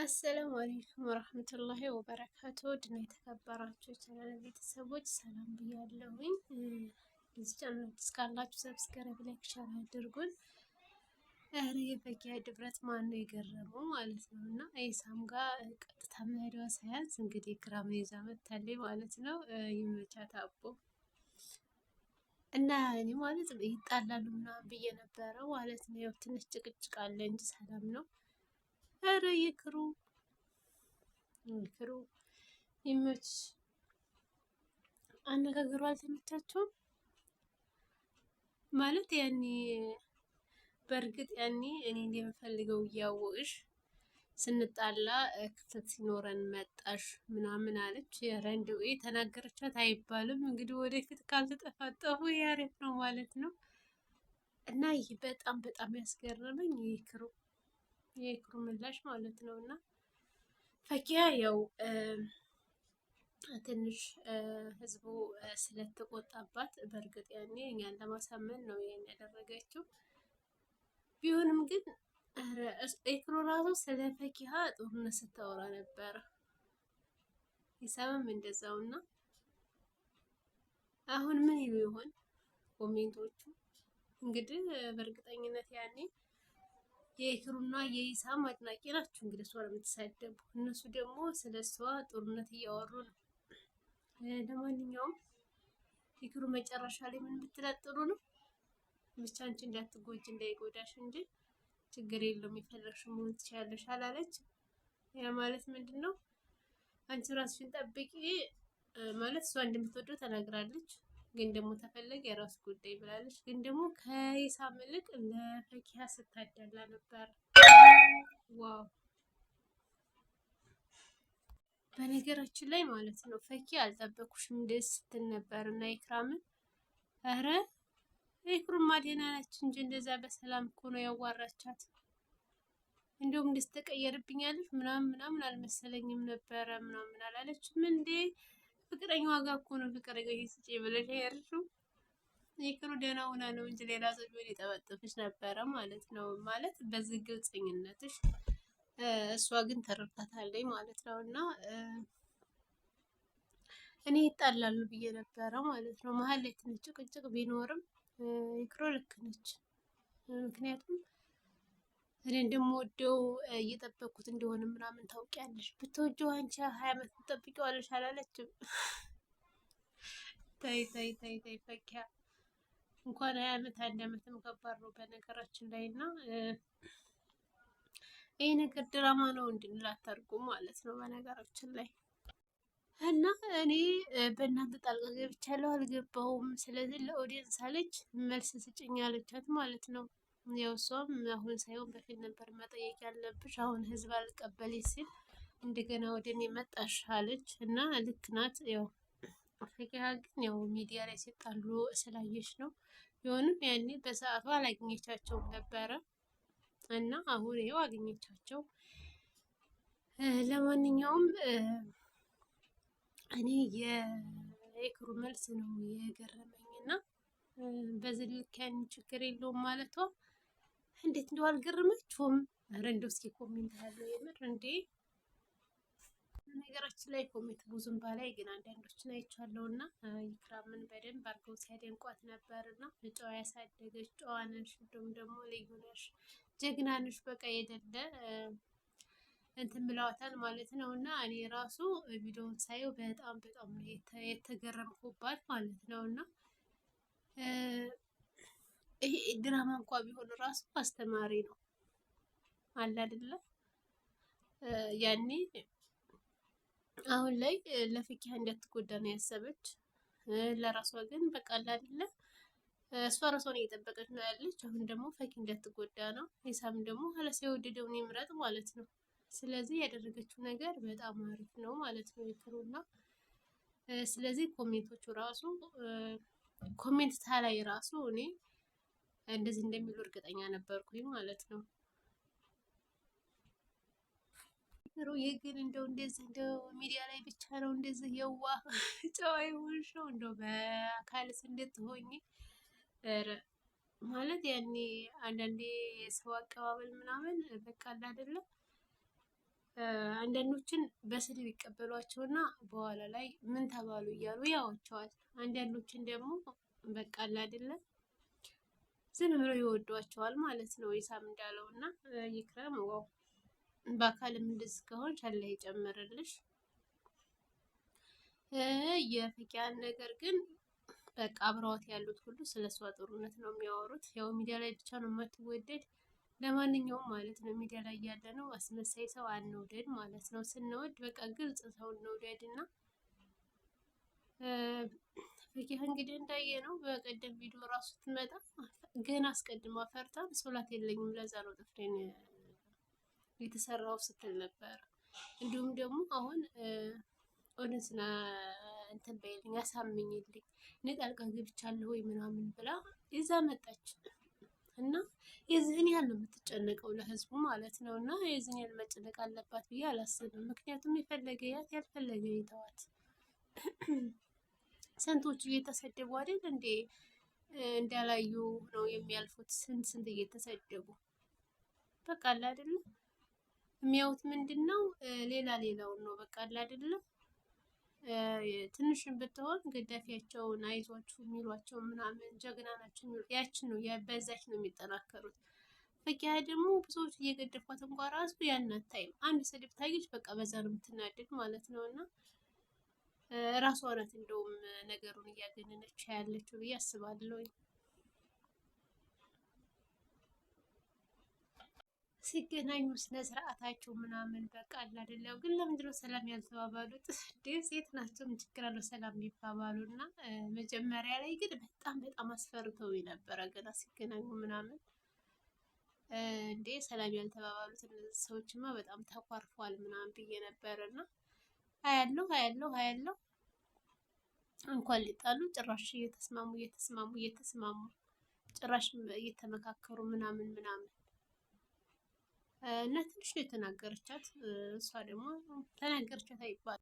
አሰላሙ አሌይኩም ወረህመቱላሂ ወበረካቱ ድና የተከበራችሁ ቻናል ቤተሰቦች ሰላም ብያለሁኝ። እዚህ ቻናል እስካላችሁ ሰብስክራይብ፣ ላይክ፣ ሸር አድርጉን። ኧረ የፈኪያ ድፍረት ማነው የገረመው ማለት ነው። እና ኢሳም ጋር ቀጥታ መሄዷ ሳያንስ እንግዲህ ግራም ይዛ መታለች ማለት ነው። ይመቻት አቦ እና እኔ ማለት ይጣላሉ ምናምን ብዬ ነበረ ማለት ነው። ያው ትንሽ ጭቅጭቅ አለ እንጂ ሰላም ነው። ኧረ ይክሩ ይክሩ ይመች። አነጋገሩ አልተመቻቸውም ማለት ያኔ በእርግጥ ያኔ እኔ እንደምፈልገው እያወቅሽ ስንጣላ ክፍተት ሲኖረን መጣሽ ምናምን አለች። ረንድዌ ተናገረቻት አይባልም እንግዲህ ወደፊት ካልተጠፋጠፉ ያሬት ነው ማለት ነው። እና ይህ በጣም በጣም ያስገረመኝ ይህ የኤክሩ ምላሽ ማለት ነው። እና ፈኪያ ያው ትንሽ ህዝቡ ስለተቆጣባት በእርግጥ ያኔ እኛን ለማሳመን ነው ይሄን ያደረገችው። ቢሆንም ግን ኤክሮ ራሱ ስለ ፈኪሃ ጦርነት ስታወራ ነበረ። ሂሳምም እንደዛው እና አሁን ምን ይሉ ይሆን ኮሜንቶቹ? እንግዲህ በእርግጠኝነት ያኔ የኢክሩና የኢሳም አድናቂ ናቸው። እንግዲህ እሷ የምትሳደቡ እነሱ ደግሞ ስለ እሷ ጦርነት እያወሩ ነው። ለማንኛውም ኢክሩ መጨረሻ ላይ ምን ብትለጥሩ ነው ብቻ አንቺ እንዳትጎጅ እንዳይጎዳሽ እንጂ ችግር የለውም የፈለግሽ መሆን ትችያለሽ አላለች። ያ ማለት ምንድን ነው? አንቺ ራስሽን ጠብቂ ማለት እሷ እንደምትወደው ተናግራለች። ግን ደግሞ ተፈለገ የራሱ ጉዳይ ብላለች። ግን ደግሞ ከሂሳም ይልቅ ለፈኪያ ስታደላ ነበር። ዋው! በነገራችን ላይ ማለት ነው ፈኪ አልጠበኩሽም ደስ ስትል ነበር እና ኢክራምን ኧረ ኢክሩም ማደናናች እንጂ እንደዛ በሰላም እኮ ነው ያዋራቻት። እንዲሁም እንደዚህ ተቀየርብኛለች ምናምን ምናምን አልመሰለኝም ነበረ ምናምን አላለችም እንዴ ፍቅረኛዋ ዋጋ እኮ ነው ፍቅር ስጪ ብለሽ ያልሽው። ይክሩ ደህና ሆና ነው እንጂ ሌላ ሰው ቢሆን የጠበጥፍሽ ነበረ ማለት ነው። ማለት በዚህ ግልጽኝነትሽ እሷ ግን ተረድታታለች ማለት ነው። እና እኔ ይጣላሉ ብዬ ነበረ ማለት ነው። መሀል ላይ ትንሽ ጭቅጭቅ ቢኖርም ይክሮ ልክ ነች ምክንያቱም እኔ እንደምወደው እየጠበኩት እንደሆነ ምናምን ታውቂያለሽ። ብትወጂው አንቺ ሀያ ዓመት ትጠብቂዋለሽ አላለችም። ተይ ተይ ተይ ተይ ፈኪያ እንኳን ሀያ ዓመት አንድ ዓመትም ከባድ ነው በነገራችን ላይ እና ይህ ነገር ድራማ ነው እንድንላታርጉ ማለት ነው በነገራችን ላይ እና እኔ በእናንተ ጣልቃ ገብቻለሁ አልገባሁም። ስለዚህ ለኦዲየንስ አለች መልስ ስጭኝ አለቻት ማለት ነው። ያው እሷም አሁን ሳይሆን በፊት ነበር መጠየቅ ያለብሽ፣ አሁን ህዝብ አልቀበል ሲል እንደገና ወደ እኔ መጣሽ አለች እና ልክ ናት። ያው ፈቂሃ ግን ያው ሚዲያ ላይ ሲጣሉ ስላየች ነው። ቢሆንም ያኔ በሰዓቱ አላገኘቻቸውም ነበረ እና አሁን ይኸው አገኘቻቸው። ለማንኛውም እኔ የኤክሩ መልስ ነው የገረመኝ እና በዚህ ልክ ያን ችግር የለውም ማለቷ እንዴት እንደው አልገረማችሁም? ኧረ እንደው እስኪ ኮሜንት ያለው የምር እንዴ! ነገራችን ላይ ኮሜንት ብዙም ባላይ ግን አንዳንዶችን አይቻለሁ እና ኢክራምን በደንብ አድርገው ሲያደንቋት ነበር። እና ጨዋ ያሳደገች ጨዋ ነሽ፣ እንደውም ደግሞ ልዩ ነሽ፣ ጀግና ነሽ፣ በቃ የደለ እንትን ብለዋታል ማለት ነው። እና እኔ ራሱ ቪዲዮውን ሳየው በጣም በጣም የተገረምኩባት ማለት ነው እና ይሄ ድራማ እንኳ ቢሆን ራሱ አስተማሪ ነው አለ አይደለ? ያኔ አሁን ላይ ለፍኪያ እንዳትጎዳ ነው ያሰበች። ለራሷ ግን በቃ አለ አይደለ? እሷ ራሷን እየጠበቀች ነው ያለች። አሁን ደግሞ ፈኪ እንዳትጎዳ ነው። ሂሳም ደግሞ ኋላስ የወደደውን ይምረጥ ማለት ነው። ስለዚህ ያደረገችው ነገር በጣም አሪፍ ነው ማለት ነው የክሩና ስለዚህ ኮሜንቶቹ ራሱ ኮሜንት ታላይ ራሱ እኔ እንደዚህ እንደሚሉ እርግጠኛ ነበርኩኝ ማለት ነው። ሩዬ ግን እንደው እንደዚህ እንደው ሚዲያ ላይ ብቻ ነው እንደዚህ የዋ ጨዋ ይሆንሽ እንደው በአካልስ እንዴት ሆኜ ማለት ያኔ አንዳንዴ ሰው አቀባበል ምናምን በቃ አይደለም አንዳንዶችን በስድብ ይቀበሏቸውና በኋላ ላይ ምን ተባሉ እያሉ ያዋቸዋል። አንዳንዶችን ደግሞ በቃ አይደለም ዝም ብሎ ይወዷቸዋል ማለት ነው። ይሳም እንዳለው እና ይክረም ዋው በአካልም እንደዚህ ከሆን አላህ ይጨምርልሽ። የፍቅያን ነገር ግን በቃ አብረዋት ያሉት ሁሉ ስለ እሷ ጥሩነት ነው የሚያወሩት። ያው ሚዲያ ላይ ብቻ ነው የማትወደድ። ለማንኛውም ማለት ነው ሚዲያ ላይ ያለ ነው አስመሳይ ሰው አንውደድ ማለት ነው። ስንወድ በቃ ግልጽ ሰው እንውደድ እና ፈኪሀ እንግዲህ እንዳየ ነው። በቀደም ቪዲዮ እራሱ ትመጣ ግን አስቀድማ አፈርታ ሶላት የለኝም ለዛ ነው ጥፍሬን የተሰራው ስትል ነበር። እንዲሁም ደግሞ አሁን ኦነስና እንትን በይልኝ አሳምኝልኝ ንቃልቃ ገብቻለሁ ወይ ምናምን ብላ ይዛ መጣች እና የዚህን ያህል ነው የምትጨነቀው ለህዝቡ ማለት ነው። እና የዚህን ያህል መጨነቅ አለባት ብዬ አላስብም። ምክንያቱም የፈለገ ያት ያልፈለገ ይተዋት። ስንቶቹ እየተሰደቡ አይደል እንዴ? እንዳላዩ ነው የሚያልፉት። ስንት ስንት እየተሰደቡ በቃ አለ አይደለ? የሚያዩት ምንድን ነው? ሌላ ሌላውን ነው በቃ አለ አይደለ? ትንሽን ብትሆን ገዳፊያቸውን አይዟችሁ የሚሏቸው ምናምን ጀግና ናቸው የሚሉ ያችን ነው በዛች ነው የሚጠናከሩት። ፈኪሀ ደግሞ ብዙዎች እየገደፏት እንኳን ራሱ ያን አታይም። አንድ ስድብ ታየች በቃ በዛ ነው የምትናደድ ማለት ነው እና ራሷነት ናት እንደውም ነገሩን እያገነነች ያለችው ብዬ አስባለሁ። ሲገናኙ ስነ ስርዓታቸው ምናምን በቃ አይደለም። ግን ለምንድን ነው ሰላም ያልተባባሉት? ሴት ናቸው ችግር አለው ሰላም የሚባባሉ እና መጀመሪያ ላይ ግን በጣም በጣም አስፈርተው የነበረ ገና ሲገናኙ ምናምን እንዴ ሰላም ያልተባባሉት እነዚህ ሰዎችማ በጣም ተኳርፏል ምናምን ብዬ ነበረ እና ሀያለው ሀያለው ሀያለው እንኳን ሊጣሉ ጭራሽ እየተስማሙ እየተስማሙ እየተስማሙ ጭራሽ እየተመካከሩ ምናምን ምናምን እና ትንሽ ነው የተናገረቻት። እሷ ደግሞ ተናገረቻት አይባልም።